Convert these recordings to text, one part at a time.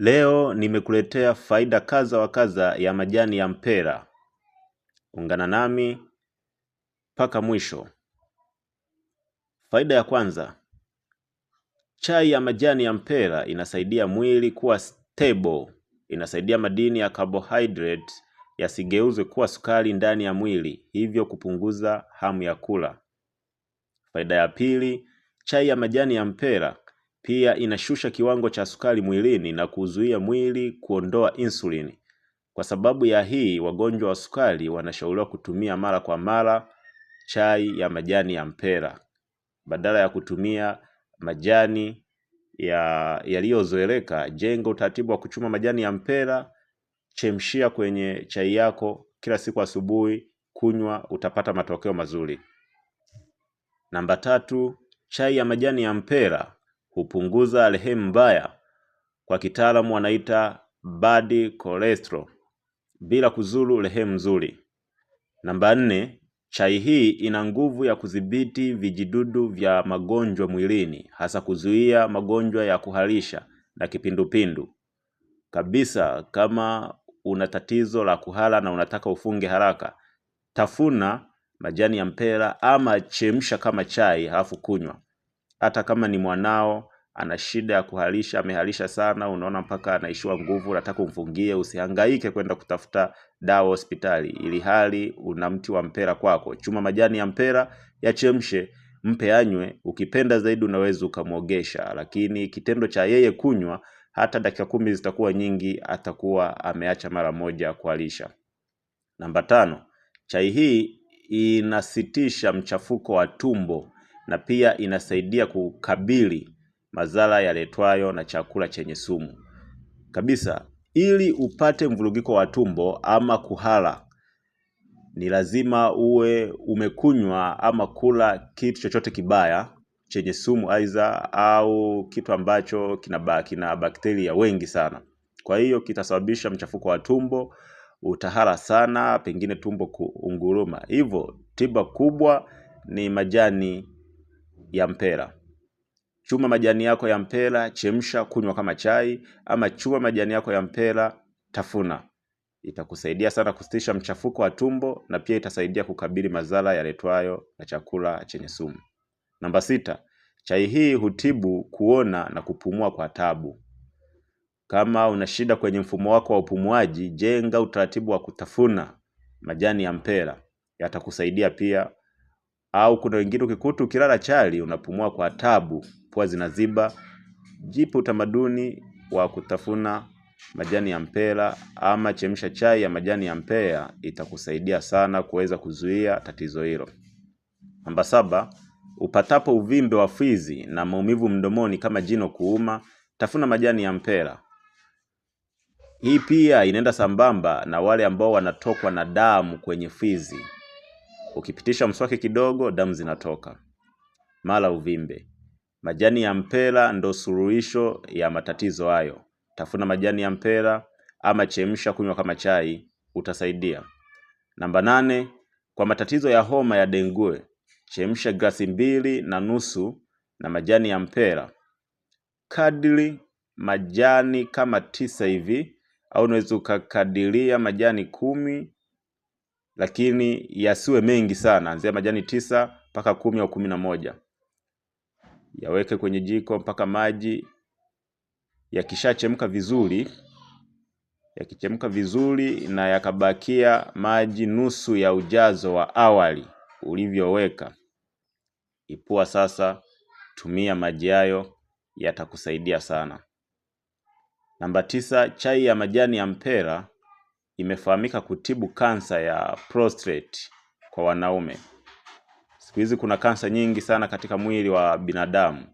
Leo nimekuletea faida kaza wa kaza ya majani ya mpera. Ungana nami mpaka mwisho. Faida ya kwanza, chai ya majani ya mpera inasaidia mwili kuwa stable. Inasaidia madini ya carbohydrate yasigeuzwe kuwa sukari ndani ya mwili, hivyo kupunguza hamu ya kula. Faida ya pili, chai ya majani ya mpera pia inashusha kiwango cha sukari mwilini na kuzuia mwili kuondoa insulini. Kwa sababu ya hii, wagonjwa wa sukari wanashauriwa kutumia mara kwa mara chai ya majani ya mpera badala ya kutumia majani ya yaliyozoeleka. Jenga utaratibu wa kuchuma majani ya mpera, chemshia kwenye chai yako kila siku asubuhi, kunywa, utapata matokeo mazuri. Namba tatu, chai ya majani ya mpera hupunguza rehemu mbaya kwa kitaalamu wanaita bad cholesterol bila kuzuru rehemu nzuri. Namba nne, chai hii ina nguvu ya kudhibiti vijidudu vya magonjwa mwilini, hasa kuzuia magonjwa ya kuharisha na kipindupindu kabisa. Kama una tatizo la kuhara na unataka ufunge haraka, tafuna majani ya mpera ama chemsha kama chai halafu kunywa hata kama ni mwanao ana shida ya kuhalisha, amehalisha sana, unaona mpaka anaishiwa nguvu, nataka umfungie, usihangaike kwenda kutafuta dawa hospitali, ili hali una mti wa mpera kwako. Chuma majani ya mpera, yachemshe, mpe anywe. Ukipenda zaidi unaweza ukamwogesha, lakini kitendo cha yeye kunywa hata dakika kumi zitakuwa nyingi, atakuwa ameacha mara moja kuhalisha. Namba tano, chai hii inasitisha mchafuko wa tumbo na pia inasaidia kukabili madhara yaletwayo na chakula chenye sumu. Kabisa, ili upate mvurugiko wa tumbo ama kuhara ni lazima uwe umekunywa ama kula kitu chochote kibaya chenye sumu aidha au kitu ambacho kina, kina bakteria wengi sana. Kwa hiyo kitasababisha mchafuko wa tumbo, utahara sana, pengine tumbo kuunguruma. Hivyo tiba kubwa ni majani ya mpera. Chuma majani yako ya mpera, chemsha, kunywa kama chai, ama chuma majani yako ya mpera, tafuna. Itakusaidia sana kusitisha mchafuko wa tumbo na pia itasaidia kukabili madhara yaletwayo na chakula chenye sumu. Namba sita, chai hii hutibu kuona na kupumua kwa tabu. Kama una shida kwenye mfumo wako wa upumuaji, jenga utaratibu wa kutafuna majani ya mpera, yatakusaidia pia au kuna wengine ukikuta ukilala chali unapumua kwa tabu, pua zinaziba. Jipe utamaduni wa kutafuna majani ya mpera ama chemsha chai ya majani ya mpera itakusaidia sana kuweza kuzuia tatizo hilo. Namba saba, upatapo uvimbe wa fizi na maumivu mdomoni kama jino kuuma, tafuna majani ya mpera. Hii pia inaenda sambamba na wale ambao wanatokwa na damu kwenye fizi. Ukipitisha mswaki kidogo, damu zinatoka. mala uvimbe. Majani ya mpera ndo suluhisho ya matatizo hayo. Tafuna majani ya mpera ama chemsha, kunywa kama chai, utasaidia. Namba nane, kwa matatizo ya homa ya dengue, chemsha glasi mbili na nusu na majani ya mpera kadiri majani kama tisa hivi, au unaweza ukakadiria majani kumi lakini yasiwe mengi sana, anzia majani tisa mpaka kumi au kumi na moja. Yaweke kwenye jiko mpaka maji yakishachemka vizuri, yakichemka vizuri na yakabakia maji nusu ya ujazo wa awali ulivyoweka, ipua sasa, tumia maji hayo, yatakusaidia sana. Namba tisa, chai ya majani ya mpera imefahamika kutibu kansa ya prostate kwa wanaume. Siku hizi kuna kansa nyingi sana katika mwili wa binadamu.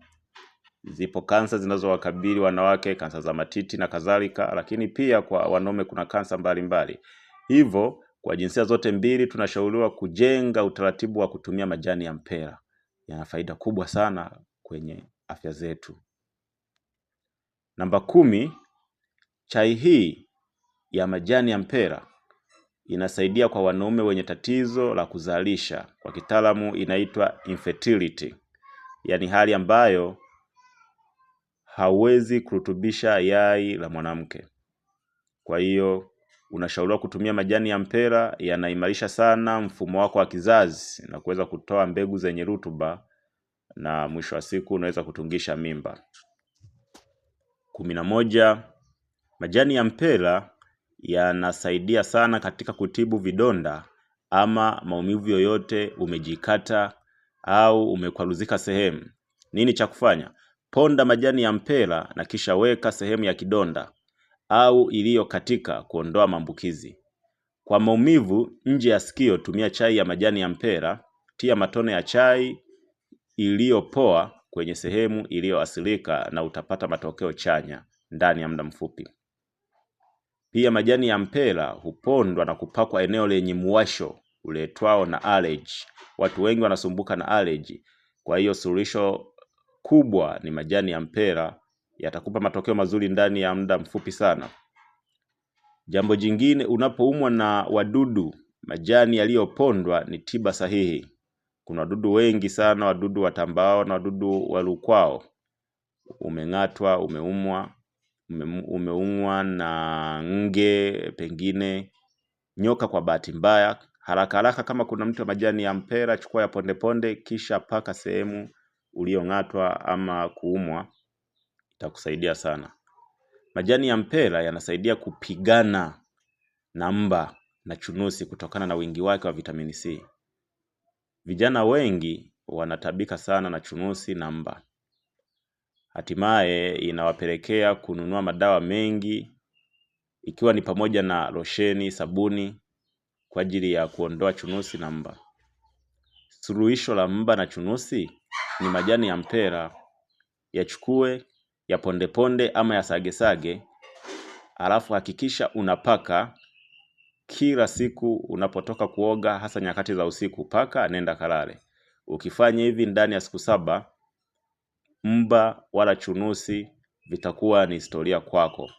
Zipo kansa zinazowakabili wanawake, kansa za matiti na kadhalika, lakini pia kwa wanaume kuna kansa mbalimbali. Hivyo kwa jinsia zote mbili tunashauriwa kujenga utaratibu wa kutumia majani ya mpera. Yana faida kubwa sana kwenye afya zetu. Namba kumi, chai hii ya majani ya mpera inasaidia kwa wanaume wenye tatizo la kuzalisha, kwa kitaalamu inaitwa infertility, yaani hali ambayo hauwezi kurutubisha yai la mwanamke. Kwa hiyo unashauriwa kutumia majani ya mpera, yanaimarisha sana mfumo wako wa kizazi na kuweza kutoa mbegu zenye rutuba, na mwisho wa siku unaweza kutungisha mimba. kumi na moja. Majani ya mpera yanasaidia sana katika kutibu vidonda ama maumivu yoyote umejikata au umekwaruzika sehemu. Nini cha kufanya? Ponda majani ya mpera na kisha weka sehemu ya kidonda au iliyokatika kuondoa maambukizi. Kwa maumivu nje ya sikio, tumia chai ya majani ya mpera. Tia matone ya chai iliyopoa kwenye sehemu iliyoathirika na utapata matokeo chanya ndani ya muda mfupi. Pia majani ya mpera hupondwa na kupakwa eneo lenye muwasho uletwao na allergy. Watu wengi wanasumbuka na allergy. Kwa hiyo suluhisho kubwa ni majani ya mpera, yatakupa matokeo mazuri ndani ya muda mfupi sana. Jambo jingine, unapoumwa na wadudu, majani yaliyopondwa ni tiba sahihi. Kuna wadudu wengi sana, wadudu watambao na wadudu walukwao. Umeng'atwa, umeumwa, umeumwa na nge, pengine nyoka kwa bahati mbaya, haraka haraka kama kuna mtu majani ya mpera, chukua ya pondeponde, kisha paka sehemu uliyong'atwa ama kuumwa, itakusaidia sana. Majani ya mpera yanasaidia kupigana na mba na chunusi kutokana na wingi wake wa vitamini C. Vijana wengi wanatabika sana na chunusi na mba. Hatimaye inawapelekea kununua madawa mengi ikiwa ni pamoja na losheni, sabuni kwa ajili ya kuondoa chunusi na mba. Suluhisho la mba na chunusi ni majani ya mpera yachukue ya pondeponde ama ya sagesage alafu hakikisha unapaka kila siku unapotoka kuoga hasa nyakati za usiku paka nenda kalale. Ukifanya hivi ndani ya siku saba mba wala chunusi vitakuwa ni historia kwako.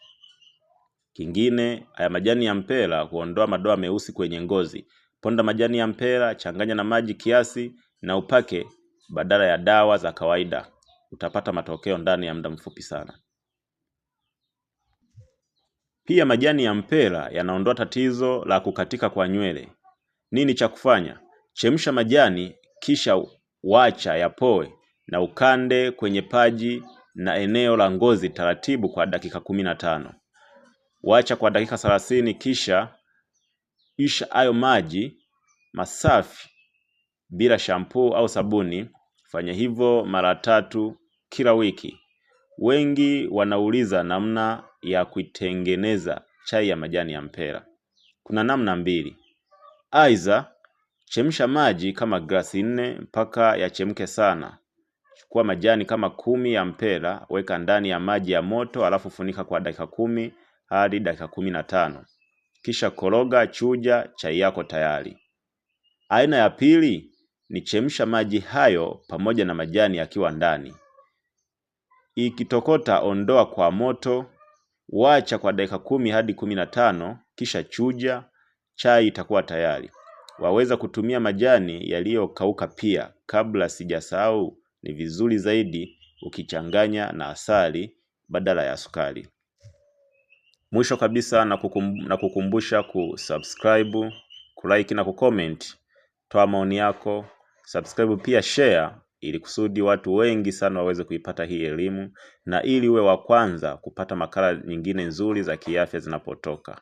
Kingine, haya majani ya mpera huondoa madoa meusi kwenye ngozi. Ponda majani ya mpera, changanya na maji kiasi na upake badala ya dawa za kawaida. Utapata matokeo ndani ya muda mfupi sana. Pia majani ya mpera yanaondoa tatizo la kukatika kwa nywele. Nini cha kufanya? Chemsha majani kisha wacha yapoe na ukande kwenye paji na eneo la ngozi taratibu kwa dakika kumi na tano. Wacha kwa dakika thelathini kisha isha hayo maji masafi bila shampoo au sabuni. Fanya hivyo mara tatu kila wiki. Wengi wanauliza namna ya kuitengeneza chai ya majani ya mpera. Kuna namna mbili. Aidha, chemsha maji kama glasi nne mpaka yachemke sana chukua majani kama kumi ya mpera, weka ndani ya maji ya moto, alafu funika kwa dakika kumi hadi dakika kumi na tano kisha koroga, chuja, chai yako tayari. Aina ya pili ni chemsha maji hayo pamoja na majani yakiwa ndani. Ikitokota, ondoa kwa moto, wacha kwa dakika kumi hadi kumi na tano kisha chuja, chai itakuwa tayari. Waweza kutumia majani yaliyokauka pia. Kabla sijasahau, ni vizuri zaidi ukichanganya na asali badala ya sukari. Mwisho kabisa na kukumbusha kusubscribe, kulike na kucomment. Toa maoni yako, subscribe pia share ili kusudi watu wengi sana waweze kuipata hii elimu na ili uwe wa kwanza kupata makala nyingine nzuri za kiafya zinapotoka.